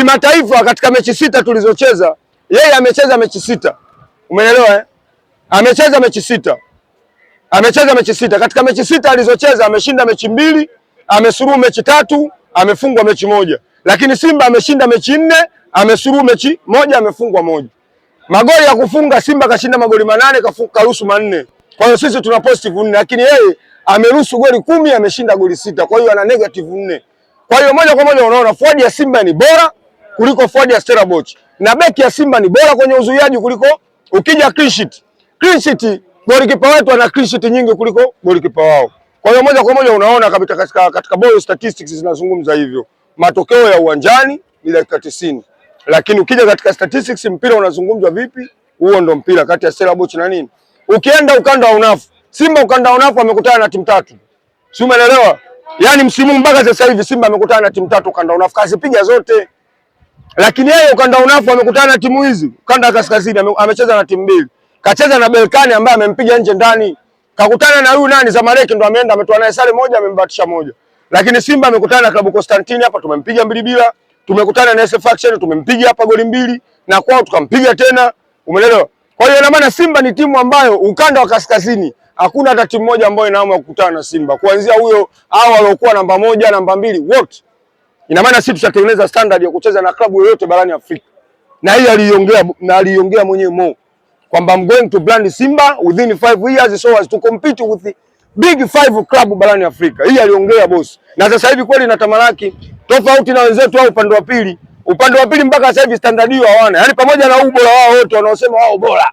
Kimataifa katika mechi sita tulizocheza, yeye amecheza mechi sita. Umeelewa eh? Amecheza mechi sita. Amecheza mechi sita. Katika mechi sita alizocheza ameshinda mechi mbili, amesuru mechi tatu, amefungwa mechi moja. Lakini Simba ameshinda mechi nne, amesuru mechi moja, amefungwa moja. Magoli ya kufunga Simba kashinda magoli manane, karuhusu manne. Kwa hiyo sisi tuna positive nne, lakini yeye ameruhusu goli kumi, ameshinda goli sita. Kwa hiyo ana negative nne. Kwa hiyo moja kwa moja unaona fuadi ya Simba ni bora kuliko forward ya Stellenbosch na beki ya Simba ni bora kwenye uzuiaji kuliko ukija clean sheet. Clean sheet golikipa wetu ana clean sheet nyingi kuliko golikipa wao. Kwa hiyo moja kwa moja unaona kabisa katika, katika boy statistics zinazungumza hivyo, matokeo ya uwanjani ni dakika 90, lakini ukija katika statistics mpira unazungumzwa vipi? Huo ndo mpira kati ya Stellenbosch na nini. Ukienda ukanda wa unafu, Simba ukanda wa unafu amekutana na timu tatu, si umeelewa? Yaani msimu mpaka sasa hivi Simba amekutana na timu tatu ukanda wa unafu, kazipiga zote. Lakini yeye ukanda unafu amekutana na timu hizi, ukanda wa kaskazini amecheza na timu mbili. Kacheza na Belkani ambaye amempiga nje ndani. Kakutana na huyu nani Zamalek ndo ameenda ametoa naye sare moja amembatisha moja. Lakini Simba amekutana na klabu Constantine hapa tumempiga mbili bila. Tumekutana na SF Action tumempiga hapa goli mbili na kwao tukampiga tena. Umeelewa? Kwa hiyo ina maana Simba ni timu ambayo ukanda wa kaskazini hakuna hata timu moja ambayo inaamua kukutana na Simba. Kuanzia huyo hao waliokuwa namba moja, namba mbili wote Ina maana sisi tushatengeneza standard ya kucheza na klabu yoyote barani Afrika, na hii aliongea na aliongea mwenyewe Mo kwamba I'm going to brand Simba within 5 years so as to compete with the big 5 club barani Afrika. Hii aliongea boss, na sasa hivi kweli inatamalaki, tofauti na wenzetu au upande wa pili. Upande wa pili mpaka sasa hivi standard hiyo hawana, yani pamoja na ubora wao wote wanaosema wao bora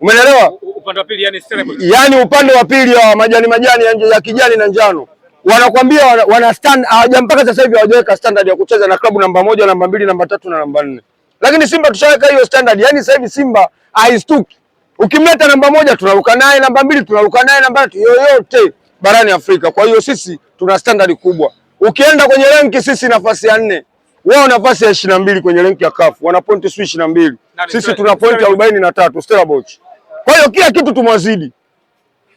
Umeelewa? Upande wa pili yani, yani upande wa pili wa majani majani ya kijani na njano wanakwambia wana, stand hawaja mpaka sasa hivi hawajaweka standard ya kucheza na klabu namba moja, namba mbili, namba tatu na namba nne, lakini Simba tushaweka hiyo standard. Yaani sasa hivi Simba haistuki, ukimleta namba moja tunaruka naye, namba mbili tunaruka naye, namba tatu yoyote barani Afrika. Kwa hiyo sisi tuna standard kubwa. Ukienda kwenye renki sisi nafasi ya nne, wao nafasi ya ishirini na mbili kwenye renki ya CAF wana pointi ishirini na mbili sisi tuna pointi arobaini na tatu Stellenbosch. Kwa hiyo kila kitu tumwazidi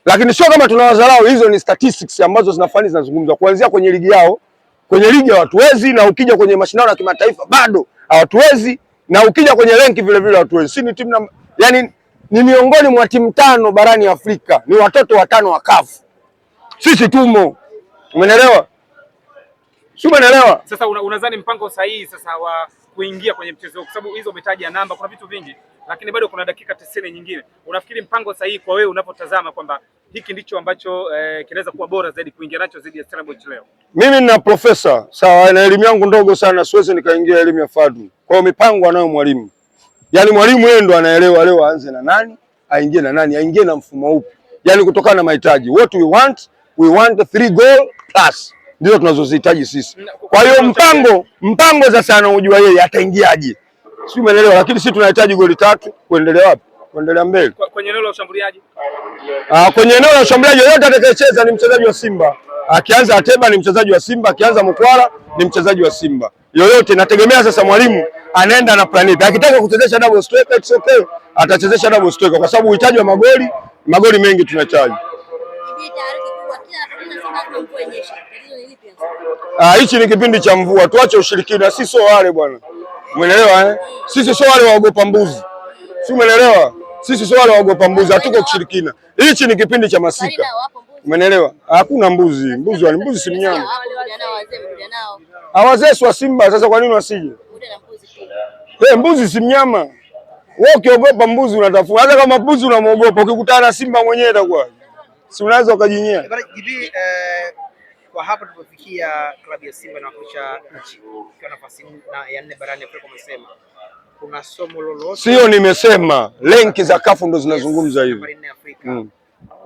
lakini sio kama tunawadharau. Hizo ni statistics ambazo zinafani zinazungumzwa kuanzia kwenye ligi yao, kwenye ligi ya hawatuwezi, na ukija kwenye mashindano ya kimataifa bado hawatuwezi, na ukija kwenye renki vile vile hawatuwezi. Si ni timu yani, ni miongoni mwa timu tano barani Afrika, ni watoto watano wa CAF, sisi tumo. Umeelewa? Si umeelewa? Sasa unadhani mpango sahihi sasa wa kuingia kwenye mchezo, kwa sababu hizo umetaja namba, kuna vitu vingi lakini bado kuna dakika tisini nyingine. Unafikiri mpango sahihi kwa wewe unapotazama kwamba hiki ndicho ambacho eh, kinaweza kuwa bora zaidi kuingia nacho zaidi ya Stellenbosch leo? Mimi nina profesa sawa, na elimu yangu ndogo sana, siwezi nikaingia elimu ya Fadlu. Kwa hiyo mipango anayo mwalimu, yaani mwalimu yeye ndo anaelewa leo aanze na nani, aingie na nani, aingie na mfumo upi, yaani kutokana na mahitaji. What we want, we want three goal plus, ndizo tunazozihitaji sisi. Kwa hiyo mpango mpango sasa anaujua yeye ataingiaje sijui umeelewa, lakini sisi tunahitaji goli tatu kuendelea wapi, kuendelea mbele. Kwenye eneo la ushambuliaji, ah, kwenye eneo la ushambuliaji yote atakayecheza ni mchezaji wa Simba. Akianza Ateba ni mchezaji wa Simba, akianza Mkwara ni mchezaji wa Simba yoyote. Nategemea sasa mwalimu anaenda na plan ipi. Akitaka kuchezesha double striker it's okay, atachezesha double striker kwa sababu uhitaji wa magoli, magoli mengi tunahitaji. Ah, hichi ni kipindi cha mvua, tuache ushirikina, si so wale bwana. Umeelewa eh? Sisi sio wale waogopa mbuzi. Si umeelewa? Sisi sio wale waogopa mbuzi, hatuko kushirikina. Hichi ni kipindi cha masika. Umeelewa? Hakuna mbuzi. Mbuzi wale mbuzi si mnyama. Hawazee si wa Simba, sasa kwa nini wasije? Eh, mbuzi si mnyama. Wewe ukiogopa mbuzi unatafuna. Hata kama mbuzi unamwogopa, ukikutana na Simba mwenyewe itakuwa. Si unaweza ukajinyea. Kwa hapa tulipofikia, klabu ya Simba na kocha nchi kwa nafasi na ya nne barani Afrika, umesema kuna somo lolote? Sio, nimesema lenki za kafu ndo zinazungumza hivi. Mm.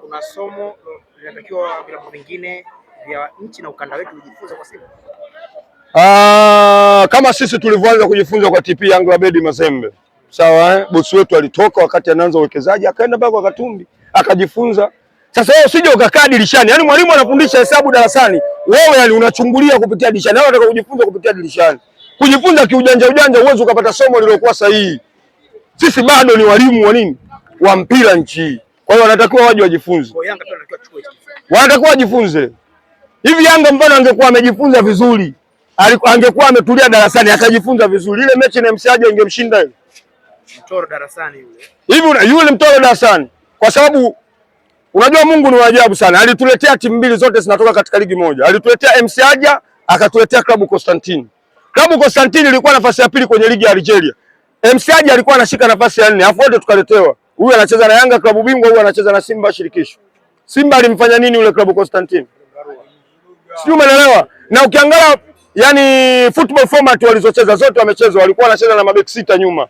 Kuna somo linatakiwa vilabu vingine vya nchi na ukanda wetu kujifunza kwa Simba. Ah, kama sisi tulivyoanza kujifunza kwa TP Young Labedi Mazembe, sawa eh? Bosi wetu alitoka wakati anaanza uwekezaji akaenda mpaka Katumbi akajifunza sasa wewe usije ukakaa dirishani. Yaani mwalimu anafundisha hesabu darasani, wewe yani unachungulia kupitia dirishani. Wewe yaani unataka kujifunza kupitia dirishani. Kujifunza kiujanja ujanja uweze ukapata somo lililokuwa sahihi. Sisi bado ni walimu wa nini? Wa mpira nchi. Kwa hiyo wanatakiwa waje wajifunze. Wanatakiwa wajifunze. Hivi Yanga mfano angekuwa amejifunza vizuri, angekuwa ametulia darasani akajifunza vizuri, ile mechi na MCA ingemshinda yule. Mtoro darasani yule. Hivi yule mtoro darasani kwa sababu Unajua Mungu ni waajabu sana, alituletea timu mbili zote zinatoka katika ligi moja. Alituletea MC Aja akatuletea klabu Constantine. Klabu Constantine ilikuwa nafasi ya pili kwenye ligi ya Algeria. MC Aja alikuwa anashika nafasi ya nne, afu wote tukaletewa. Huyu anacheza na Yanga klabu bingwa, huyu anacheza na Simba shirikisho. Simba alimfanya nini yule klabu Constantine? Sijui umeelewa. Na ukiangalia yani football format walizocheza zote wamecheza, walikuwa wanacheza na mabeki sita nyuma.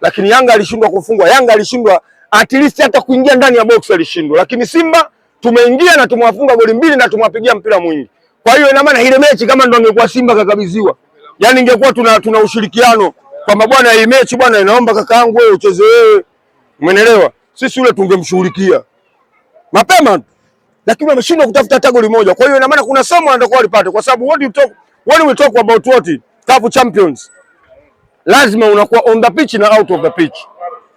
Lakini Yanga alishindwa kufungwa. Yanga alishindwa at least hata kuingia ndani ya box alishindwa, lakini Simba tumeingia na tumewafunga goli mbili na tumewapigia mpira mwingi. Kwa hiyo ina maana ile mechi kama ndo angekuwa Simba kakabidhiwa, yani ingekuwa tuna, tuna ushirikiano kwamba bwana, hii mechi bwana, inaomba kaka yangu wewe ucheze wewe, umeelewa? Sisi yule tungemshughulikia mapema, lakini wameshindwa kutafuta hata goli moja. Kwa hiyo ina maana kuna somo anataka walipata, kwa sababu what you talk what we talk about what cup champions, lazima unakuwa on the pitch na out of the pitch,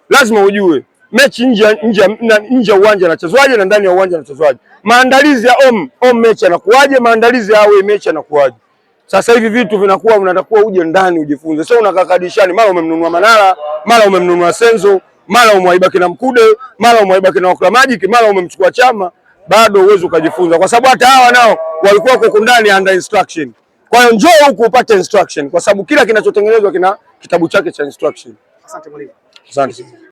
lazima ujue mechi nje nje nje uwanja anachezwaje na ndani ya uwanja anachezwaje? Maandalizi ya om om mechi anakuaje? Maandalizi ya awe mechi anakuaje? Sasa hivi vitu vinakuwa unatakuwa uje ndani ujifunze, sio unakakadishani. Mara umemnunua Manara, mara umemnunua Senzo, mara umwaiba kina Mkude, mara umwaiba kina Wakula Magic, mara umemchukua Chama, bado uwezo ukajifunza, kwa sababu hata hawa nao walikuwa huko ndani under instruction. Kwa hiyo njoo huku upate instruction, kwa sababu kila kinachotengenezwa kina kitabu chake cha instruction. Asante mwalimu. Asante.